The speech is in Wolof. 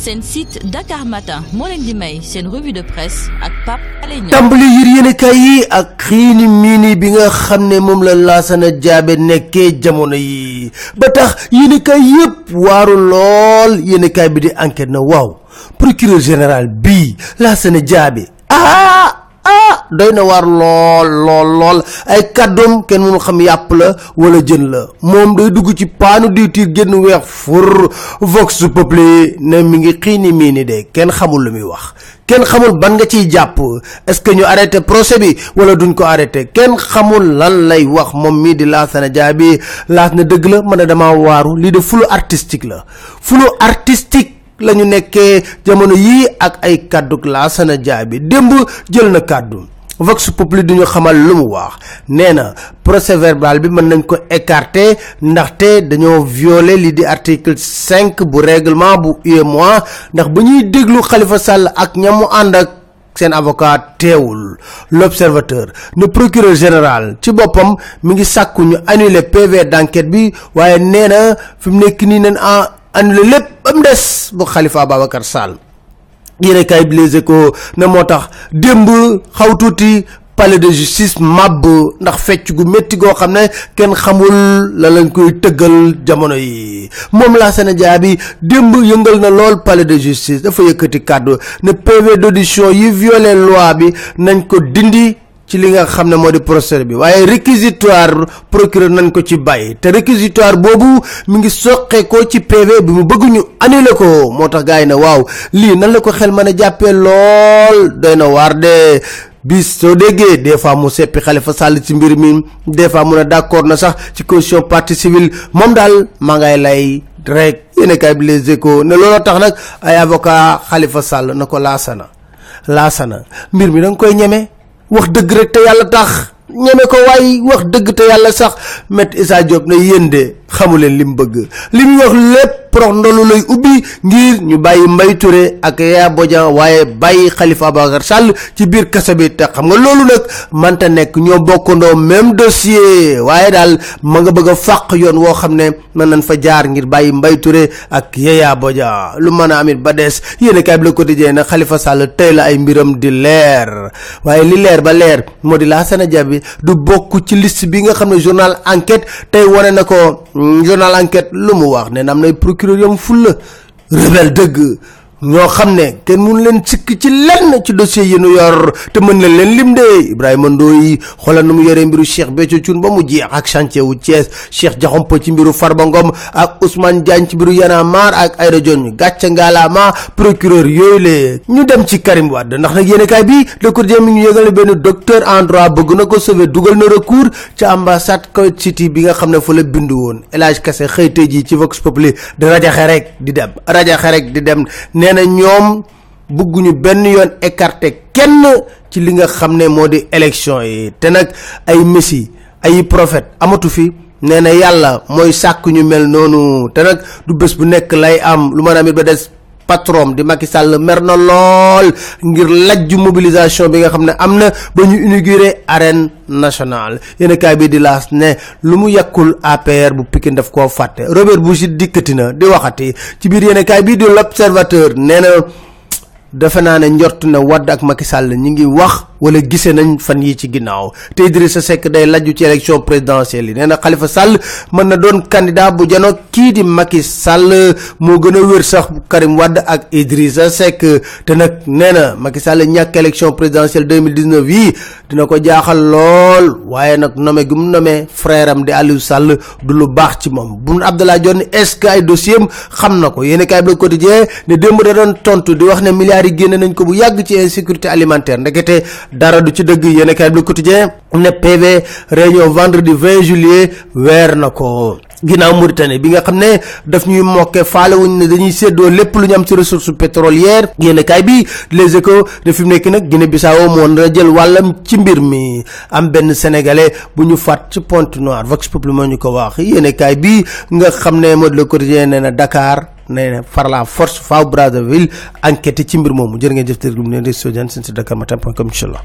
seen site Dakar Matin moo leen di may seen revue de presse ak Pape Alé Niang tàmbali ak xiini miini bi nga xam ne moom la laa Laasana Jaabe nekkee jamono yi ba tax yéenekaay yépp waaru lool yéenekaay bi di enquête na waaw procureur général bii Laasana Jaabe ah doy na waar lool lool lool ay kàddoom kenn mënul xam yàpp la wala jën la moom day dugg ci paanu diwtiir génn weex fur vox populi ne mi ngi xii ni mii nii de kenn xamul lu muy wax kenn xamul ban nga ciy jàpp est-ce que ñu arrêté procès bi wala duñ ko arrêté kenn xamul lan lay wax moom mii di laa Lassana Dia bi laas na dëgg la mën a dama waaru lii de fulo artistique la fulo artistique la ñu nekkee jamono yii ak ay kàdduk Lassana Dia bi démb jël na kàddu vox populi duñu xamal lu mu wax nee na procès verbal bi mën nañ ko écarter ndaxte dañoo violer li di article cinq bu règlement bu UEMOA ndax bu ñuy déglu xalifa sàll ak ñamu ànd ak seen avocat teewul l'observateur ne procureur général ci boppam mu ngi sàkku ñu annuler PV d'enquête bi waaye nee na fi mu nekk nii nañ en annuler lépp ba des bu Khalifa Ababacar Sall yéene kaay bi Les Échos ne moo tax démb xaw tuuti palais de justice màbb ndax fecc gu métti goo xam ne kenn xamul la lañ koy tëggal jamono yii moom laa Sénégal bi démb yëngal na lool palais de justice dafa yëkkati kàddu ne PV d'audition yi violé loi bi nañ ko dindi ci li nga xam ne moo di procès bi waaye réquisitoire procureur nañ ko ci bàyyi te réquisitoire boobu mu ngi soqe ko ci PV bi mu bëgguñu ñu ko moo tax gars yi ne waaw lii nañ la ko xel mën a jàppee lool doy na waar de bis soo déggee des fois mu seppi Khalifa Sall ci mbir mi des fois mu ne d'accord na sax ci caution partie civile moom daal maa ngay lay rek yéen kay bi les échos ne looloo tax nag ay avocat Khalifa Sall na ko laasana laasana mbir mi da koy ñeme. wax dëgg rek te yàlla tax ñeme ko waaye wax dëgg te yàlla sax met Issa Diop ne yéen xamuleen xamu li mu bëgg li mu wax lépp porox ndolu lay ubbi ngir ñu bàyyi Mbaye Touré ak Yaya Bodian waaye bàyyi xalifa Ababacar Sall ci biir kaso bi te xam nga loolu nag manta nekk ñoo bokkandoo même dossier waaye daal ma nga bëgg fàq yoon woo xam ne mën nañ fa jaar ngir bàyyi Mbaye Touré ak Yaya Bodian lu mën a amit ba des yéen kaay bi la quotidien nag Khalifa Sall tey la ay mbiram di leer waaye li leer ba leer moo di Lassana bi du bokk ci liste bi nga xam ne journal enquête tey wane na ko mm, journal enquête lu mu wax procureur yam fulla rebelle dëgg ñoo xam ne kenn mun leen sikk ci lenn ci dossier yi nu yor te mën na leen lim de Ibrahima Ndoye xoolal na mu yoree mbiru Cheikh Béthio Thioune ba mu jeex ak chantier wu Thiès Cheikh Diakhoumpa ci mbiru Farba Ngom ak Ousmane Diagne ci mbiru Y'en a ak Aïda Dione gàcce ngalaama procureur yooyu lee ñu dem ci Karim Wade ndax nag yéenekaay bi Le Quotidien mi ñu yëgal benn docteur en bëgg na ko sauver dugal na recours ca ambassade Kuwait City bi nga xam ne fa la bindu woon El Hadj Kassé jii ci Vox Populi di rajaxe rek di dem rajaxe rek di dem nee ñoom bëgguñu benn yoon écarté kenn ci li nga xam ne moo di élection yi te nag ay messi ay prophète amatu fi nee na yàlla mooy sàkk ñu mel noonu te nag du bés bu nekk lay am lu ma amit ba des patron di Macky Sall mer na lool ngir lajj mobilisation bi nga xam ne am na ba ñu inauguré arène nationale yéen bi di laas ne lu mu yàkkul APR bu Pikine daf ko fàtte Robert Bouchi dikkati na di waxati ci biir yéen kaay bii di l'observateur nee na defe naa ne njort na Wade ak Macky Sall ñi ngi wax. wala gisee nañ fan yi ci ginnaaw te sa Seck day laju ci élection présidentielle yi nee na Khalifa Sall mën na doon candidat bu jano kii di Macky Sall moo gën a wér sax Karim wàdd ak Idrissa Seck te nag nee na Macky Sall ñàkk élection présidentielle 2019 yi dina ko jaaxal lool waaye nag nome gi mu nome frère di Aliou Sall du lu baax ci moom Boun Abdallah Dionne est-ce que ay dossier am xam na ko yéen kaay bi Le Quotidien ne démb da doon tontu di wax ne milliards yi génne nañ ko bu yàgg ci insécurité alimentaire ndekete dara du ci dëgg yéen kaay bi Le Quotidien ne PV réunion vendredi 20 juillet weer na ko ginnaaw Mauritanie bi nga xam ne daf ñuy mokke faalewuñ ne dañuy séddoo lépp lu ñu am ci ressource pétrolière yéen kaay bi Les Échos ne fi mu nekk nag Guinée Bissau moo nar a jël wàllam ci mbir mi am benn sénégalais bu ñu fàtt ci Pointe-Noire Vox Populi ñu ko wax yéen bi nga xam ne mode Le Quotidien nee na dakaar nee na par la force faaw Brazzaville enquête ci mbir moomu jërë ngeen jëf tey jii di sojaan seen si dakar matin point com